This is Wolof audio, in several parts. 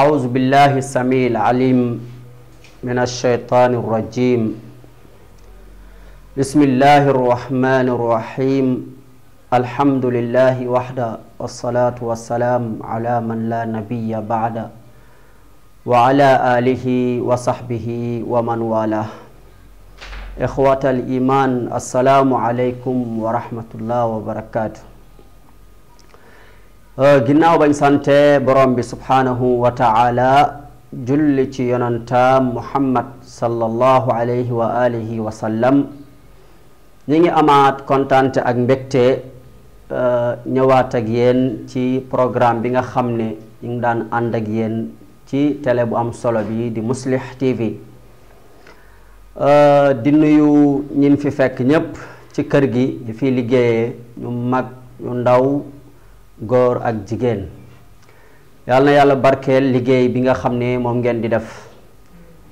أعوذ بالله السميع العليم من الشيطان الرجيم بسم الله الرحمن الرحيم الحمد لله وحده والصلاة والسلام على من لا نبي بعد وعلى آله وصحبه ومن والاه إخوة الإيمان السلام عليكم ورحمة الله وبركاته ginnaaw bañ sante borom bi subhaanahu wa taala julli ci yonantaam muhammad sallallahu alayhi wa alihi wa sallam ñi ngi amaat kontante ak mbégte ñëwaat ak yéen ci programme bi nga xam ne ñu ngi daan ànd ak yéen ci tele bu am solo bi di Muslih TV di nuyu ñin fi fekk ñépp ci kër gi di fi liggéeye ñu mag ñu ndaw góor ak jigéen yàlla yàlla barkeel liggéey bi nga xam ne moom ngeen di def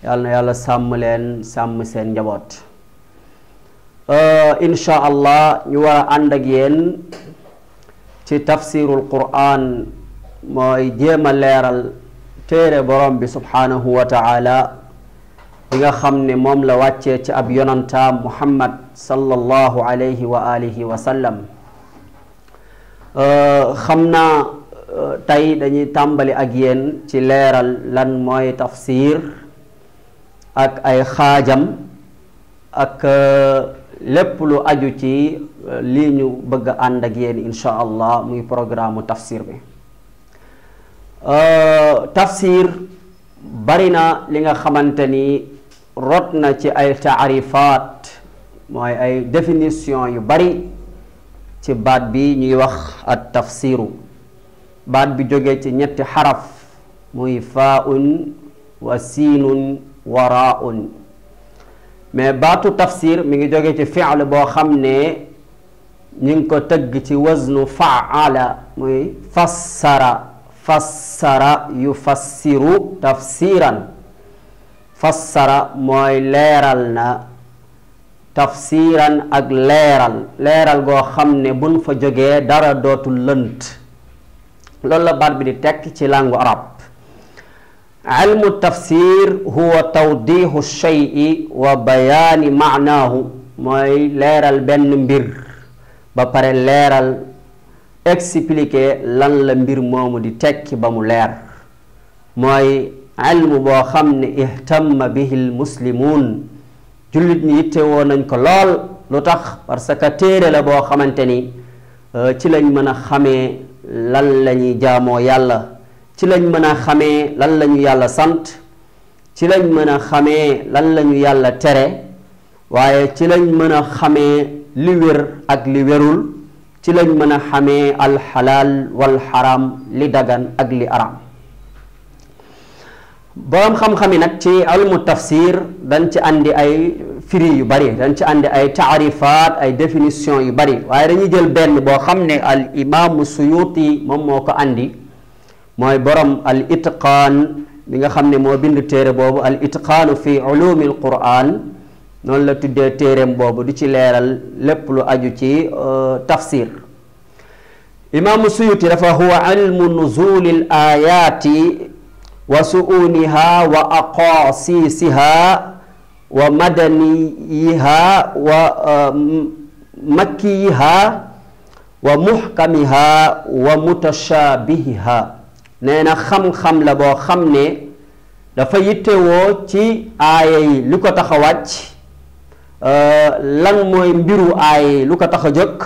yàlla yàlla sàmm leen sàmm seen njaboot euh, incha allah ñu war a yeen ci yéen ci tafsirul quran mooy jéem a leeral téere borom bi subhanahu wa bi nga xam ne moom la wàccee ci ab yonantaam muhammad sallallahu alayhi wa alihi wa sallam Euh, xam naa euh, tey dañuy tàmbali ak yéen ci leeral lan mooy tafsir ak ay xaajam ak euh, lépp lu aju ci lii ñu bëgg a ànd ak yéen insha allah muy programme tafsir bi tafsir bari na li nga xamante ni rot na ci ay taarifaat mooy ay definition yu bari ci baat bi ñuy wax at tafsiru baat bi jóge ci ñetti xaraf muy faaun wa siinun wa mais baatu tafsir mi ngi jóge ci fi'l boo xam ne ñu ngi ko tëgg ci waznu faala muy fassara fassara yufassiru tafsiran fassara mooy leeral na tafsiran ak leeral leeral goo xam ne buñ fa jógee dara dootul lënt loolu la baat bi di tekk ci langue arab ilmu tafsir huwa tawdihu shay'i wa bayaani maanaahu mooy leeral benn mbir ba pare leeral expliquer lan la mbir moomu di tekki ba mu leer mooy ilmu boo xam ne ihtamma bihi l muslimuun jullit ñi itte woon nañ ko laal lu tax parce que téere la boo xamante ni euh, ci lañ mën a xamee lan la ñuy jaamoo yàlla ci lañ mën a xamee lan la yàlla sant ci lañ mën a xamee lan la yàlla tere waaye ci lañ mën a xamee li wér ak li wérul ci lañ mën a xamee alxalaal wal xaram li dagan ak li aram boroom xam-xam yi nag ci ilmu tafsir dañ ci andi ay firi yu bari dañ ci andi ay taarifaat ay définition yu bari waaye dañuy jël benn boo xam ne al imaamu suyuti moom moo ko andi mooy borom al itqaan bi nga xam ne moo bind téere boobu al itqaanu fi ulumi al quran noonu la tuddee téereem boobu di ci leeral lépp lu aju ci euh, tafsir imaamu suyuti dafa huwa ilmu nuzuli ayaati wa suuniha wa aqaasisiha wa madaniyiha wa makkiyiha wa muhkamiha wa mutashaabihiha nee na xam-xam la boo xam ne dafa yittewoo ci aaya yi lu ko tax a lan mooy mbiru aaya yi lu ko tax a jóg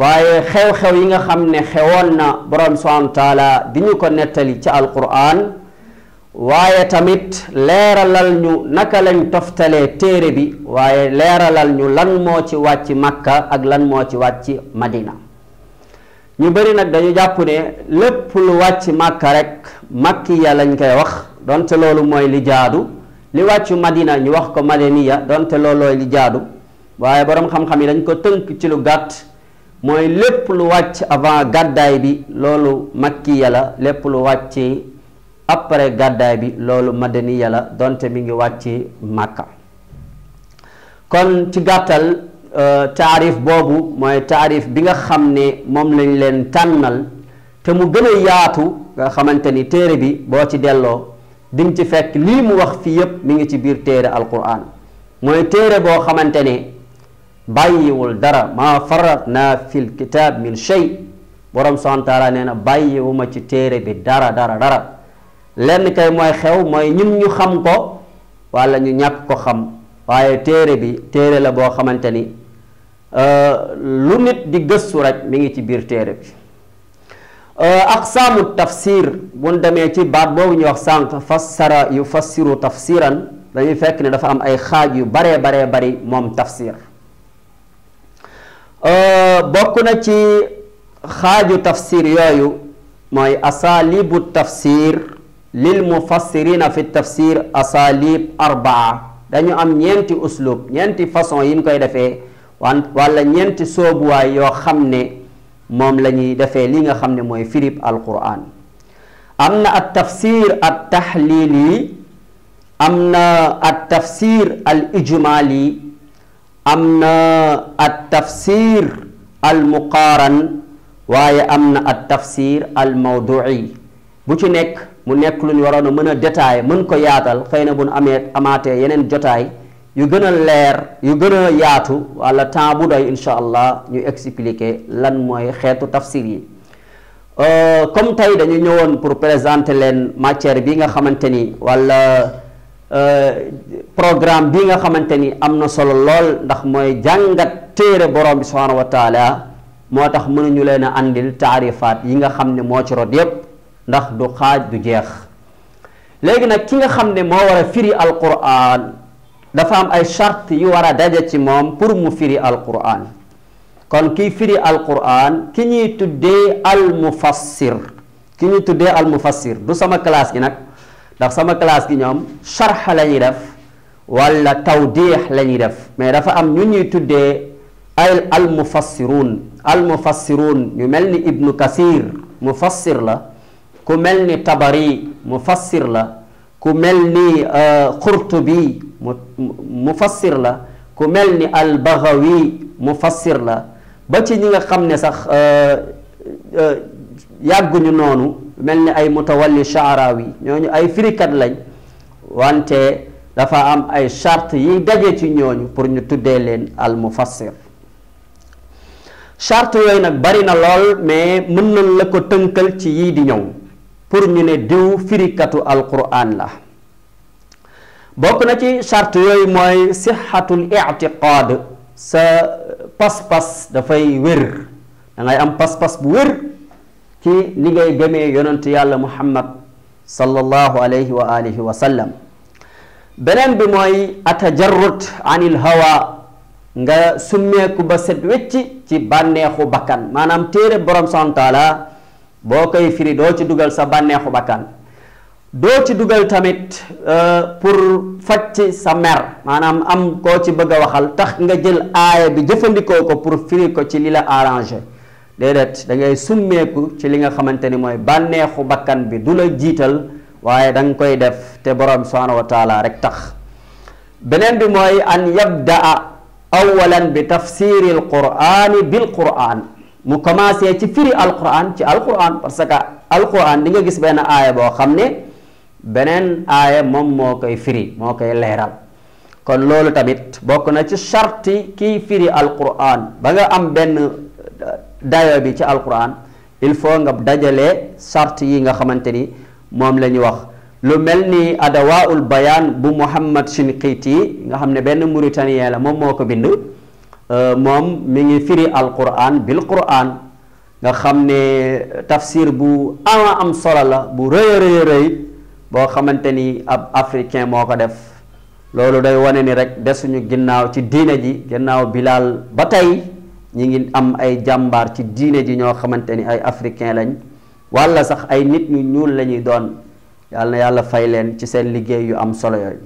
waaye xew-xew yi nga xam ne xewoon na borom subhaanahu wa taala di ñu ko nettali ci alquran waaye tamit leeralal ñu naka lañ toftalee téere bi waaye leeralal ñu lan moo ci wàcc Makka ak lan moo ci wàcc Madina ñu bari nag dañu jàpp ne lépp lu wàcc Makka rek Makkiya lañ koy wax donte loolu mooy li jaadu li wàccu Madina ñu wax ko Madaniya donte loolooy li jaadu waaye boroom xam-xam yi dañ ko tënk ci lu gàtt mooy lépp lu wàcc avant gàddaay bi loolu Makkiya la lépp lu wàcc après gàddaay bi loolu madaniya la donte mi ngi wàcc màkka kon ci gàttal euh, taarif boobu mooy taarif bi nga xam ne moom lañ leen tànnal te mu gën a yaatu nga xamante ni téere bi boo ci delloo dinga ci fekk lii mu wax fii yépp mu ngi ci biir téere alquran mooy téere boo xamante ne bàyyiwul dara maa faratna fil kitab min shay borom subhanahu nee na bàyyiwuma ci téere bi dara dara dara lenn kay mooy xew mooy ñun ñu xam ko walla ñu ñàkk ko xam waaye téere bi téere la boo xamante ni euh, lu nit di gëstu rek mi ngi ci biir téere bi ak euh, aqsaamu tafsir buñ demee ci baat boobu ñuy wax sànq fassara yu fassiru tafsiran dañuy fekk ni dafa am ay xaaj yu baree baree bari moom tafsir euh, bokk na ci xaaju tafsir yooyu mooy asalibu tafsir lil mufassirina fi tafsir asalib arbaa dañu am ñeenti uslub ñeenti façon yi ñu koy defee wan wala ñeenti soobuwaay yoo xam ne moom la ñuy defee li nga xam ne mooy firib alquran am na at tafsir at taxlili am na at tafsir al ijmali am na at tafsir al muqaaran waaye am na at tafsir al mawduci bu ci nekk mu nekk lu ñu waroon a mën a détaillé mën ko yaatal xëy na bu nu amee amaatee yeneen jotaay yu gën a leer yu gën a yaatu wala temps bu doy incha allah ñu expliquer lan mooy xeetu tafsir yi euh, comme tey dañu ñëwoon pour présenter leen matière bii nga xamante ni wala euh, programme bi nga xamante ni am na solo lool ndax mooy jàngat téere borom bi subhanahu wa moo tax mënuñu leen a andil taarifaat yi nga xam ne moo ci rot yépp ndax du xaaj du jeex léegi nag ki nga xam ne moo war a firi alquran dafa am ay charte yu war a daje ci moom pour mu firi alquran kon kiy firi alquran ki ñuy tuddee almufassir ki ñuy tuddee almufassir du sama classe gi nag ndax sama classe gi ñoom charx la ñuy def wala tawdiix la ñuy def mais dafa am ñu ñuy tuddee ay almufassiruun almufassiruun ñu mel ni ibnu kasir mufassir la ku mel ni tabari mufassir la ku mel ni uh, qurtubi mufassir la ku mel ni albaghawi mufassir la ba ci ñi nga xam ne sax uh, uh, yàgguñu noonu mel ni ay mutawalli shaarawi ñooñu ay firikat lañ wante dafa am ay charte yi daje ci ñooñu pour ñu tuddee leen al mufassir charte yooyu nag bari na lool mais mën nañ la ko tënkal ci yii di ñëw pour ñu ne diw firikatu alquran la bokk na ci charte yooyu mooy sixatul ictiqaad sa pas-pas dafay wér da ngay am pas-pas bu wér ci li ngay gëmee yonent yàlla muhammad sallallahu alayhi wa alihi wa sallam beneen bi mooy atajarrut anil hawa nga summeeku ba set wecci ci bànneexu bakkan maanaam téere borom subhaanahu wa taala boo koy firi doo ci dugal sa bànneexu bàkkan doo ci dugal tamit euh, pour faj ci sa mer maanaam am koo ci bëgg a waxal tax nga jël aaya bi jëfandikoo ko pour firi ko ci li la arrangé déedéet da ngay summeeku ci li nga xamante ni mooy bànneexu bakkan bi du la jiital waaye danga koy def te borom subhanahu wa rek tax beneen bi mooy an yabdaa awalan bi tafsiri al qurani bil quran mu commencé ci firi alquran ci alquran parce que alquran di nga gis benn aaya boo xam ne beneen aaya moom moo koy firi moo koy leeral kon loolu tamit bokk na ci charti kiy firi alquran ba nga am benn euh, dayo bi ci alquran il faut nga dajale charte yi nga xamante ni moom la ñu wax lu mel ni adawaul bayaan bu Muhammad yi nga xam ne benn mauritanien la moom moo ko bind Euh, moom mi ngi firi alquran bil quran nga xam ne tafsir bu ama am solo la bu rëy rëy boo xamante ni ab africain moo ko def loolu day wane ni rek desuñu ginnaaw ci diine ji ginnaaw bilaal ba tey ñi ngi am ay jàmbaar ci diine ji ñoo xamante ni ay africain lañ walla sax ay nit ñu ñuul lañuy doon yàlla yàlla fay leen ci seen liggéey yu am solo yooyu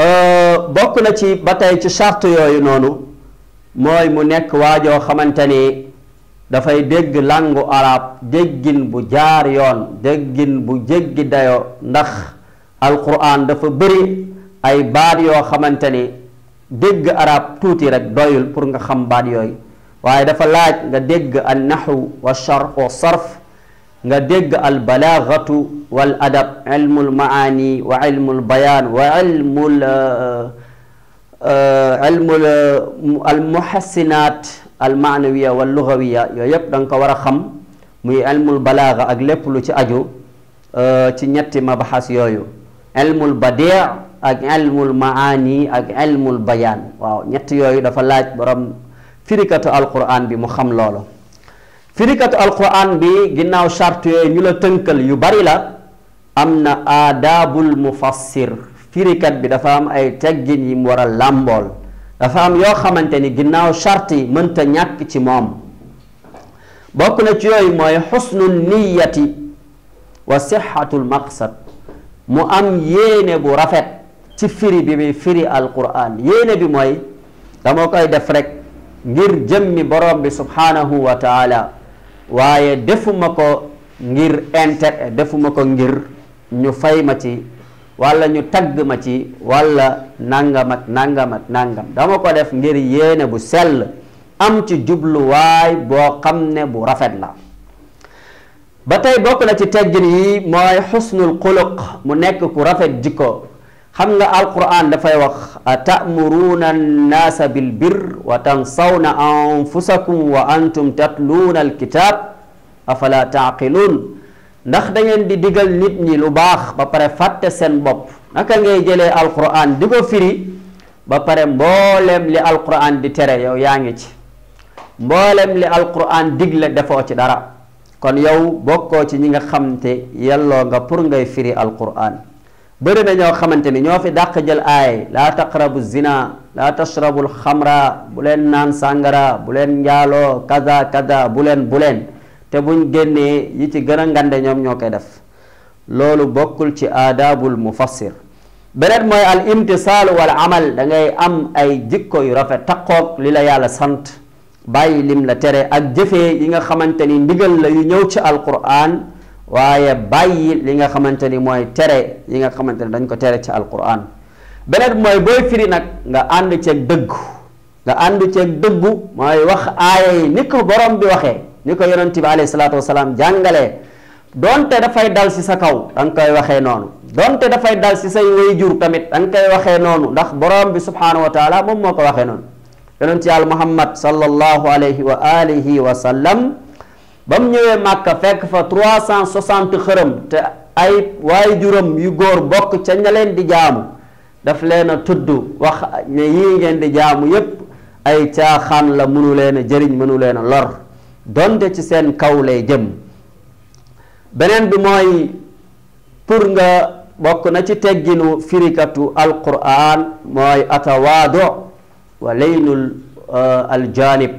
Euh, bokk na ci ba tey ci charte yooyu noonu mooy mu nekk waajoo xamante ni dafay dégg langu arab déggin bu jaar yoon déggin bu jéggi dayo ndax alquran dafa bëri ay baat yoo xamante ni dégg arab tuuti rek doyul pour nga xam baat yooyu waaye dafa laaj nga dégg an naxu wa sharx nga dégg albalaagatu wal adab ilmul maani wa ilmul bayaan wa ilmul uh, uh, ilmul uh, al muhassinaat al maanawiya yëpp da ko war a xam muy ilmul balaaga ak lépp lu ci aju ci ñetti mabaxas yooyu ilmul badee ak ilmul maani ak ilmul bayaan waaw ñett yooyu dafa laaj borom firikatu alquran bi mu xam loolu firikatu alquran bi ginnaaw charte yooyu ñu la tënkal yu bari la am na aadaabul mufassir firikat bi dafa am ay teggin yi mu war a làmbool dafa am yoo xamante ni ginnaaw charte yi mënta ñàkk ci moom bokk na ci yooyu mooy xusnu niyati wa sixatul maqsad mu am yéene bu rafet ci firi bi muy firi alquran yéene bi mooy damoo koy def rek ngir jëmmi borom bi subhanahu wa taala waaye defuma ko ngir inter defuma ko ngir ñu fay ma ci walla ñu tagg ma ci walla nangam ak nangam ak nangam dama ko def ngir yéene bu sell am ci jubluwaay boo xam ne bu rafet la ba tey bokk na ci teggin yi mooy xusnul xuluq mu nekk ku rafet jikko xam nga alquran dafay wax a tamuruuna annaasa bilbir wa tansawna anfusakum wa antum tatluuna alkitab afala taaqiluun ndax dangeen di digal nit ñi lu baax ba pare fàtte seen bopp naka ngay jële alquran di ko ba pare mbooleem li alquran di tere yow yaa ngi ci mbooleem li alquran digle defoo ci dara kon yow bokkoo ci ñi nga xam te nga pour ngay firi alquran bëri na ñoo xamante ni ñoo fi daq jël aay laa taqrabu zina laa tashrabul xamra bu naan sàngara bu leen njaaloo kaza kaza bu leen te buñ génnee yi ci gën a ngande ñoom ñoo koy def loolu bokkul ci aadaabul mufassir beneen mooy al imtisaalu wal amal da ngay am ay jikko yu rafet taqoog li la yàlla sant bàyyi lim la tere ak jëfee yi nga xamante ni ndigal la yu ñëw ci alquran waaye bàyyi li nga xamante ni mooy tere li nga xamante ni dañ ko tere ci alquran beneen mooy booy firi nag nga ànd ceeg dëggu nga ànd ceeg dëggu mooy wax aaya yi ni ko borom bi waxee ni ko yonent bi alayhi salaatu wasalaam jàngalee dafay dal si sa kaw danga koy waxee noonu donte dafay dal si say wayjur tamit da nga koy waxee noonu ndax borom bi subhaanahu wa taala moom moo ko waxee noonu yonent yàlla muhammad sallallahu alayhi wa alihi wa sallam ba mu ñëwee màkka fekk fa trois cent soixante xërëm te ay waaye juróom yu góor bokk ca ña leen di jaamu daf leen a tudd wax ne yii ngeen di jaamu yépp ay caaxaan la mënu leen a jëriñ mënu leen a lor donte ci seen kaw lay jëm beneen bi mooy pour nga bokk na ci tegginu firikatu alquran mooy atawaado wa leynul euh, aljanib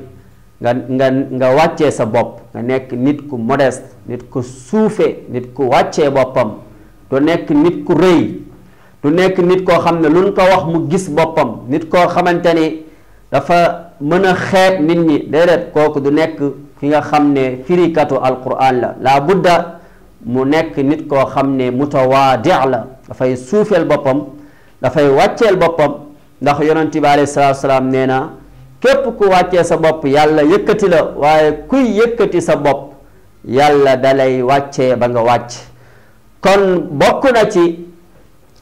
nga nga nga wàccee sa bopp nga nekk nit ku modeste nit ku suufe nit ku wàccee boppam du nekk nit ku rëy du nekk nit koo xam ne lu ñu ko wax mu gis boppam nit koo xamante ni dafa mën a xeet nit ñi déedéet kooku du nekk ki nga xam ne firikatu alquran la laa budda mu nekk nit koo xam ne mutawaadi la dafay suufeel boppam dafay wàcceel boppam ndax yonente bi alayhi salaatu salaam nee na képp ku wàccee sa bopp yàlla yëkkati la waaye kuy yëkkati sa bopp yàlla dalay wàccee ba nga wàcc kon bokk na ci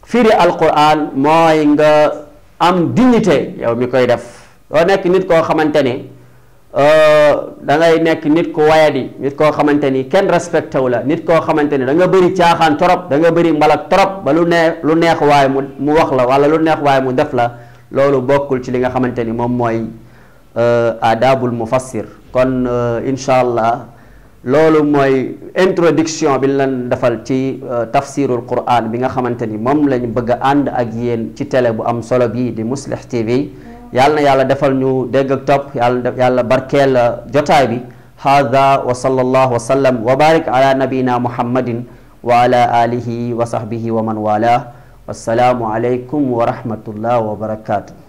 firi alquran mooy nga am dignité yow mi koy def doo nekk nit koo xamante ni euh, da ngay nekk nit ku wayadi nit koo xamante ni kenn respecté wu la nit koo xamante ni da bëri caaxaan trop da nga bëri mbalak trop ba lu nee lu neex waaye mu mu wax la wala lu neex waaye mu def la loolu bokkul ci li nga xamante ni moom mooy Euh, adabul mufassir kon euh, incha allah loolu mooy introduction bi lan defal ci euh, tafsirul quran bi nga xamante ni moom lañ bëgg a ànd ak yéen ci télé bu am solo bii di Mouslih TV yàlla na yàlla defal ñu dégg ak topp yàlla yàlla barkeel jotaay bi hada wa sallallahu wa sallam wa barik ala nabina muhammadin wa ala alihi wa sahbihi wa man wala wassalaamu aleykum wa rahmatullah wa